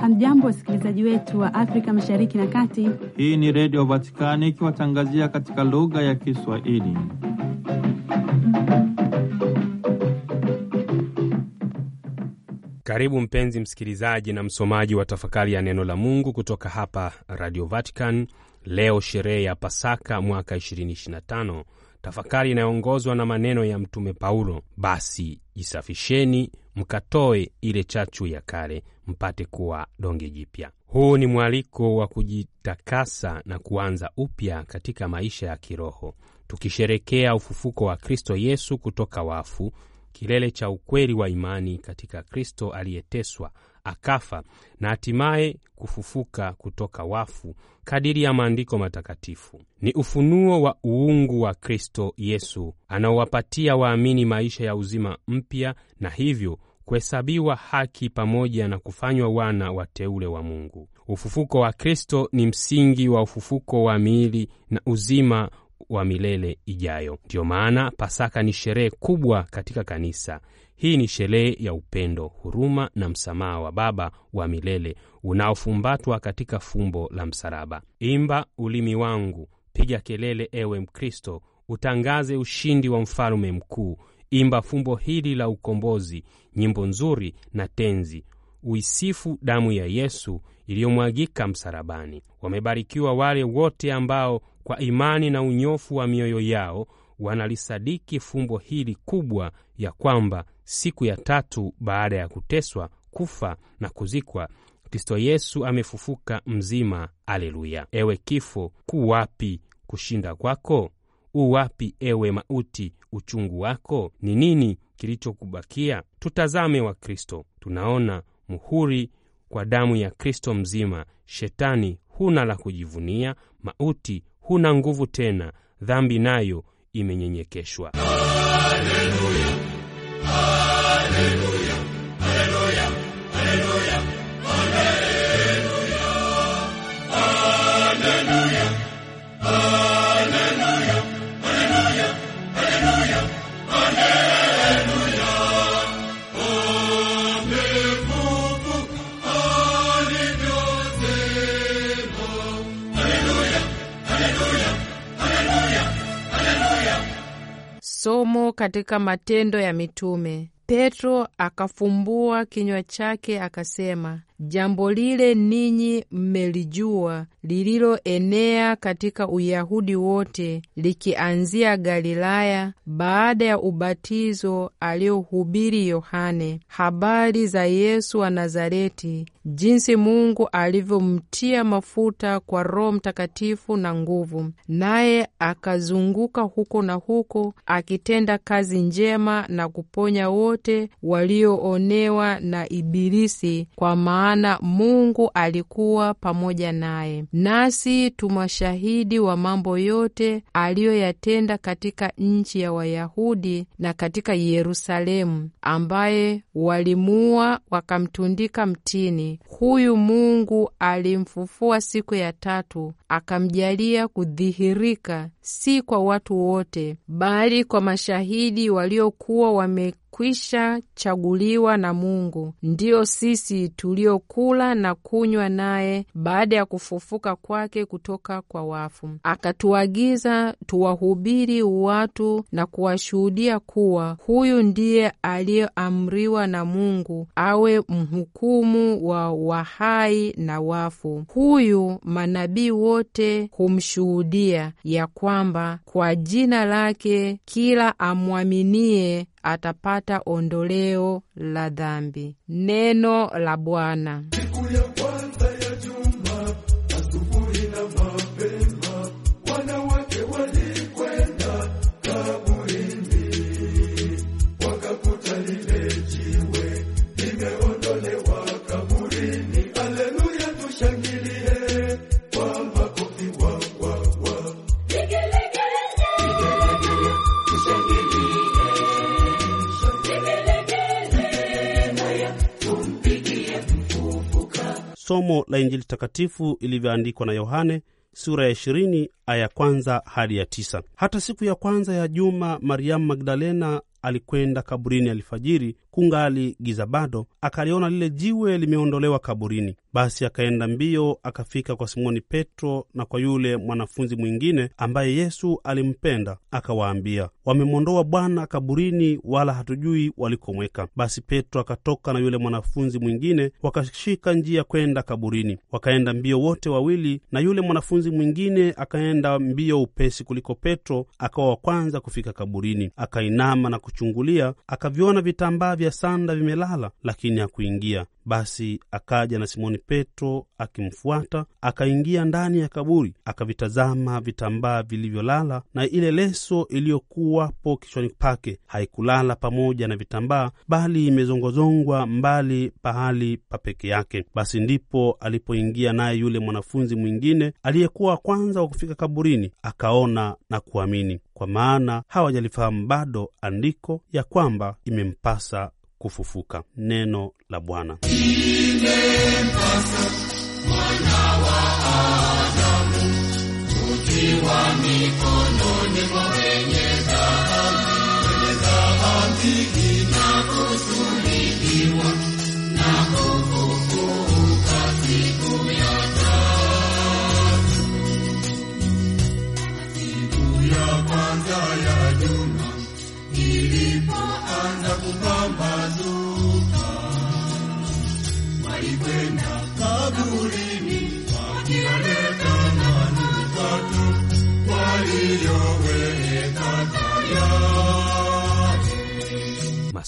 Hamjambo, wasikilizaji wetu wa Afrika mashariki na kati. Hii ni Redio Vatikani ikiwatangazia katika lugha ya Kiswahili. Karibu mpenzi msikilizaji na msomaji wa tafakari ya neno la Mungu kutoka hapa Radio Vatican. Leo sherehe ya Pasaka mwaka tafakari inayoongozwa na maneno ya Mtume Paulo: basi jisafisheni, mkatoe ile chachu ya kale, mpate kuwa donge jipya. Huu ni mwaliko wa kujitakasa na kuanza upya katika maisha ya kiroho, tukisherekea ufufuko wa Kristo Yesu kutoka wafu, kilele cha ukweli wa imani katika Kristo aliyeteswa akafa na hatimaye kufufuka kutoka wafu kadiri ya maandiko matakatifu. Ni ufunuo wa uungu wa Kristo Yesu anaowapatia waamini maisha ya uzima mpya na hivyo kuhesabiwa haki pamoja na kufanywa wana wateule wa Mungu. Ufufuko wa Kristo ni msingi wa ufufuko wa miili na uzima wa milele ijayo. Ndiyo maana Pasaka ni sherehe kubwa katika kanisa. Hii ni sherehe ya upendo, huruma na msamaha wa Baba wa milele unaofumbatwa katika fumbo la msalaba. Imba ulimi wangu, piga kelele, ewe Mkristo, utangaze ushindi wa mfalme mkuu. Imba fumbo hili la ukombozi, nyimbo nzuri na tenzi, uisifu damu ya Yesu iliyomwagika msalabani. Wamebarikiwa wale wote ambao kwa imani na unyofu wa mioyo yao wanalisadiki fumbo hili kubwa ya kwamba siku ya tatu baada ya kuteswa, kufa na kuzikwa, Kristo Yesu amefufuka mzima. Aleluya! Ewe kifo, ku wapi kushinda kwako? U wapi ewe mauti, uchungu wako? Ni nini kilichokubakia? Tutazame wa Kristo, tunaona muhuri kwa damu ya Kristo mzima. Shetani huna la kujivunia, mauti huna nguvu tena, dhambi nayo imenyenyekeshwa. Aleluya. Somo katika Matendo ya Mitume. Petro akafumbua kinywa chake akasema, jambo lile ninyi mmelijua, lililoenea katika Uyahudi wote, likianzia Galilaya, baada ya ubatizo aliohubiri Yohane, habari za Yesu wa Nazareti, jinsi Mungu alivyomtia mafuta kwa Roho Mtakatifu na nguvu, naye akazunguka huko na huko akitenda kazi njema na kuponya wote walioonewa na Ibilisi, kwa maana maana Mungu alikuwa pamoja naye. Nasi tu mashahidi wa mambo yote aliyoyatenda katika nchi ya Wayahudi na katika Yerusalemu, ambaye walimua wakamtundika mtini. Huyu Mungu alimfufua siku ya tatu, akamjalia kudhihirika, si kwa watu wote, bali kwa mashahidi waliokuwa wame tuliokwisha chaguliwa na Mungu, ndiyo sisi tuliokula na kunywa naye baada ya kufufuka kwake kutoka kwa wafu. Akatuagiza tuwahubiri watu na kuwashuhudia kuwa huyu ndiye aliyeamriwa na Mungu awe mhukumu wa wahai na wafu. Huyu manabii wote humshuhudia ya kwamba kwa jina lake kila amwaminie atapata ondoleo la dhambi. Neno la Bwana. somo la Injili takatifu ilivyoandikwa na Yohane sura ya 20 aya kwanza hadi ya tisa. Hata siku ya kwanza ya juma Mariamu Magdalena alikwenda kaburini alfajiri kungali giza bado, akaliona lile jiwe limeondolewa kaburini. Basi akaenda mbio akafika kwa Simoni Petro na kwa yule mwanafunzi mwingine ambaye Yesu alimpenda, akawaambia, wamemwondoa Bwana kaburini, wala hatujui walikomweka. Basi Petro akatoka na yule mwanafunzi mwingine, wakashika njia kwenda kaburini. Wakaenda mbio wote wawili, na yule mwanafunzi mwingine akaenda mbio upesi kuliko Petro, akawa wa kwanza kufika kaburini. Akainama na kuchungulia, akaviona vitambaa vya vya sanda vimelala, lakini hakuingia. Basi akaja na Simoni Petro akimfuata, akaingia ndani ya kaburi, akavitazama vitambaa vilivyolala, na ile leso iliyokuwapo kichwani pake haikulala pamoja na vitambaa, bali imezongwazongwa mbali pahali pa peke yake. Basi ndipo alipoingia naye yule mwanafunzi mwingine aliyekuwa wa kwanza wa kufika kaburini, akaona na kuamini, kwa maana hawajalifahamu bado andiko ya kwamba imempasa kufufuka. Neno la Bwana.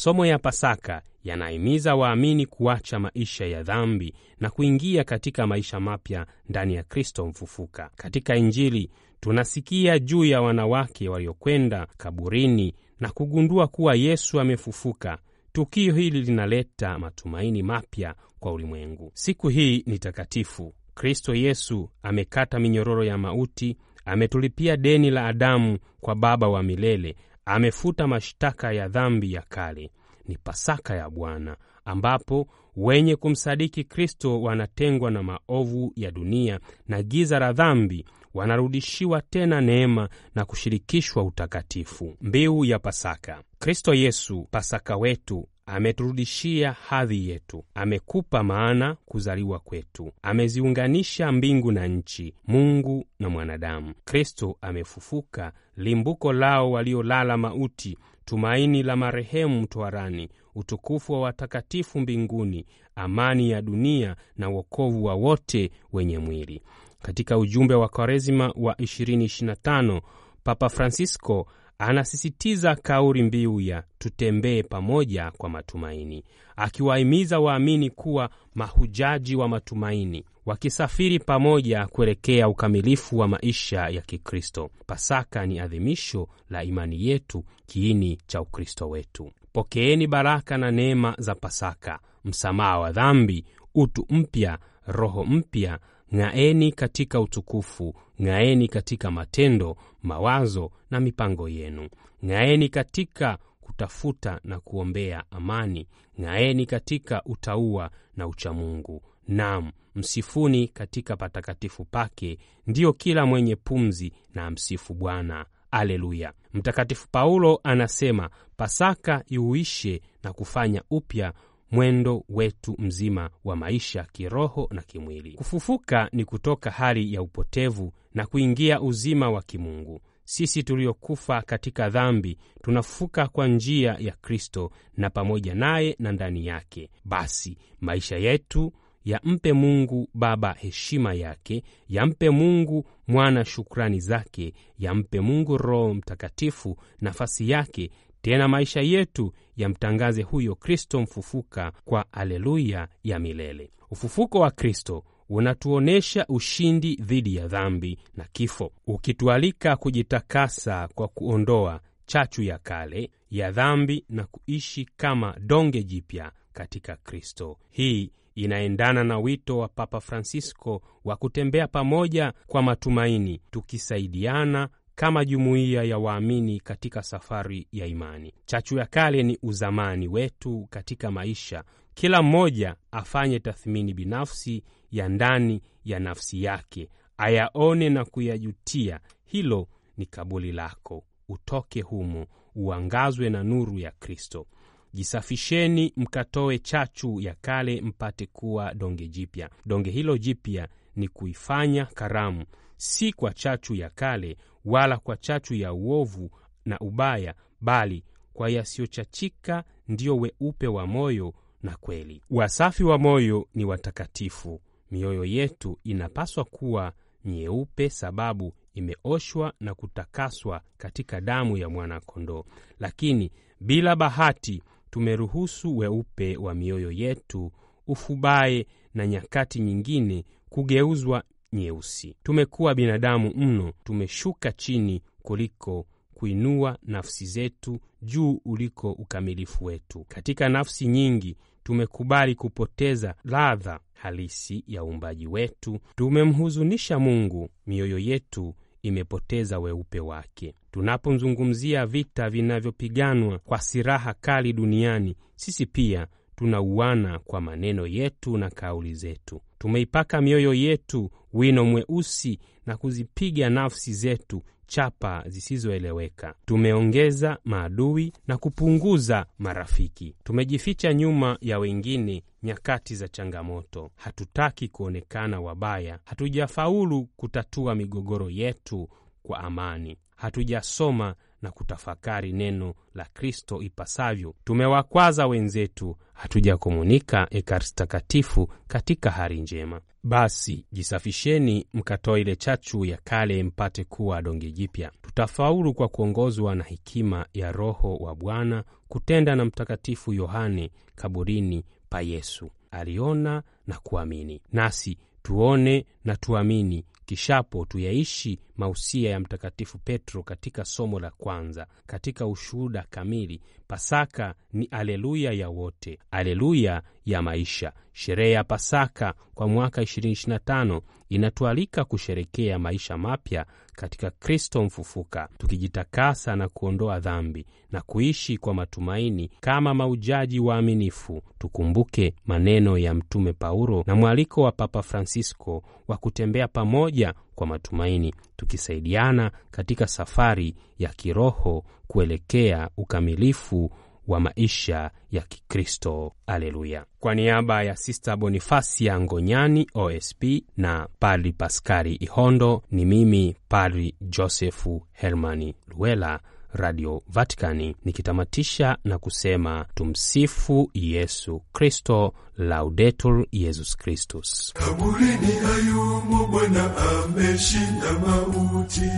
Masomo ya Pasaka yanahimiza waamini kuacha maisha ya dhambi na kuingia katika maisha mapya ndani ya Kristo mfufuka. Katika Injili tunasikia juu ya wanawake waliokwenda kaburini na kugundua kuwa Yesu amefufuka. Tukio hili linaleta matumaini mapya kwa ulimwengu. Siku hii ni takatifu. Kristo Yesu amekata minyororo ya mauti, ametulipia deni la Adamu kwa Baba wa milele, amefuta mashtaka ya dhambi ya kale. Ni Pasaka ya Bwana ambapo wenye kumsadiki Kristo wanatengwa na maovu ya dunia na giza la dhambi, wanarudishiwa tena neema na kushirikishwa utakatifu. Mbiu ya Pasaka: Kristo Yesu, Pasaka wetu, ameturudishia hadhi yetu, amekupa maana kuzaliwa kwetu, ameziunganisha mbingu na nchi, Mungu na mwanadamu. Kristo amefufuka limbuko lao waliolala mauti, tumaini la marehemu twarani, utukufu wa watakatifu mbinguni, amani ya dunia na wokovu wa wote wenye mwili. Katika ujumbe wa Kwaresima wa 2025 Papa Francisco Anasisitiza kauli mbiu ya tutembee pamoja kwa matumaini, akiwahimiza waamini kuwa mahujaji wa matumaini, wakisafiri pamoja kuelekea ukamilifu wa maisha ya Kikristo. Pasaka ni adhimisho la imani yetu, kiini cha Ukristo wetu. Pokeeni baraka na neema za Pasaka, msamaha wa dhambi, utu mpya, roho mpya Ng'aeni katika utukufu, ng'aeni katika matendo, mawazo na mipango yenu. Ng'aeni katika kutafuta na kuombea amani, ng'aeni katika utaua na uchamungu. Naam, msifuni katika patakatifu pake, ndiyo kila mwenye pumzi na amsifu Bwana. Aleluya. Mtakatifu Paulo anasema Pasaka iuishe na kufanya upya mwendo wetu mzima wa maisha kiroho na kimwili. Kufufuka ni kutoka hali ya upotevu na kuingia uzima wa kimungu. Sisi tuliokufa katika dhambi tunafufuka kwa njia ya Kristo na pamoja naye na ndani yake. Basi maisha yetu yampe Mungu Baba heshima yake, yampe Mungu Mwana shukrani zake, yampe Mungu Roho Mtakatifu nafasi yake tena maisha yetu yamtangaze huyo Kristo mfufuka kwa aleluya ya milele. Ufufuko wa Kristo unatuonyesha ushindi dhidi ya dhambi na kifo, ukitualika kujitakasa kwa kuondoa chachu ya kale ya dhambi na kuishi kama donge jipya katika Kristo. Hii inaendana na wito wa Papa Fransisko wa kutembea pamoja kwa matumaini, tukisaidiana kama jumuiya ya waamini katika safari ya imani. Chachu ya kale ni uzamani wetu katika maisha. Kila mmoja afanye tathmini binafsi ya ndani ya nafsi yake, ayaone na kuyajutia. Hilo ni kaburi lako, utoke humo, uangazwe na nuru ya Kristo. Jisafisheni mkatoe chachu ya kale, mpate kuwa donge jipya. Donge hilo jipya ni kuifanya karamu, si kwa chachu ya kale wala kwa chachu ya uovu na ubaya, bali kwa yasiyochachika ndiyo weupe wa moyo na kweli. Wasafi wa moyo ni watakatifu. Mioyo yetu inapaswa kuwa nyeupe, sababu imeoshwa na kutakaswa katika damu ya mwana-kondoo. Lakini bila bahati tumeruhusu weupe wa mioyo yetu ufubae na nyakati nyingine kugeuzwa nyeusi. Tumekuwa binadamu mno, tumeshuka chini kuliko kuinua nafsi zetu juu uliko ukamilifu wetu. Katika nafsi nyingi tumekubali kupoteza ladha halisi ya uumbaji wetu. Tumemhuzunisha Mungu, mioyo yetu imepoteza weupe wake. Tunapozungumzia vita vinavyopiganwa kwa silaha kali duniani, sisi pia tunauana kwa maneno yetu na kauli zetu. Tumeipaka mioyo yetu wino mweusi na kuzipiga nafsi zetu chapa zisizoeleweka. Tumeongeza maadui na kupunguza marafiki. Tumejificha nyuma ya wengine nyakati za changamoto. Hatutaki kuonekana wabaya. Hatujafaulu kutatua migogoro yetu kwa amani. Hatujasoma na kutafakari neno la Kristo ipasavyo. Tumewakwaza wenzetu, hatujakomunika Ekaristi Takatifu katika hali njema. Basi jisafisheni, mkatoa ile chachu ya kale, mpate kuwa donge jipya. Tutafaulu kwa kuongozwa na hekima ya Roho wa Bwana, kutenda na Mtakatifu Yohane kaburini pa Yesu aliona na kuamini. Nasi tuone na tuamini Kishapo tuyaishi mausia ya Mtakatifu Petro katika somo la kwanza, katika ushuhuda kamili. Pasaka ni aleluya ya wote, aleluya ya maisha. Sherehe ya Pasaka kwa mwaka 2025 inatualika kusherekea maisha mapya katika Kristo mfufuka, tukijitakasa na kuondoa dhambi na kuishi kwa matumaini kama maujaji waaminifu. Tukumbuke maneno ya Mtume Paulo na mwaliko wa Papa Francisco wa kutembea pamoja pamoja kwa matumaini, tukisaidiana katika safari ya kiroho kuelekea ukamilifu wa maisha ya Kikristo. Aleluya! Kwa niaba ya Sista Bonifasia Ngonyani OSP na Padri Paskari Ihondo, ni mimi Padri Josefu Hermani Luela Radio Vaticani, nikitamatisha na kusema tumsifu Yesu Kristo, Laudetur Yesus Kristus. Kaburini hayumo Bwana, ameshinda mauti,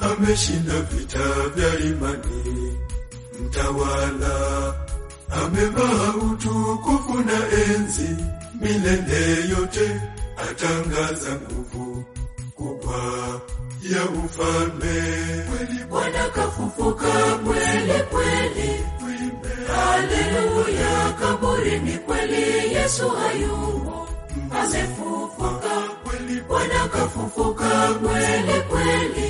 ameshinda vita vya imani. Mtawala amevaa utukufu na enzi, milele yote atangaza nguvu kubwa ya ufalme. Bwana kafufuka kweli kweli, haleluya. Kaburi ni kweli, Yesu hayumo, amefufuka. Bwana kafufuka kweli kweli,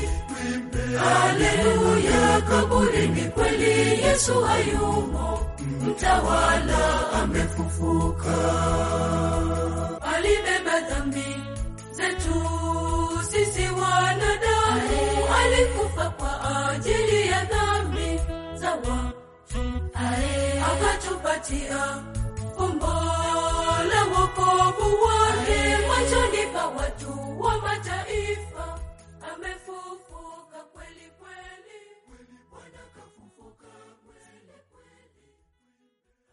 haleluya. Kaburi ni kweli, Yesu hayumo, mtawala amefufuka. watupatia fumbo la wokovu wake machoni pa watu wa mataifa.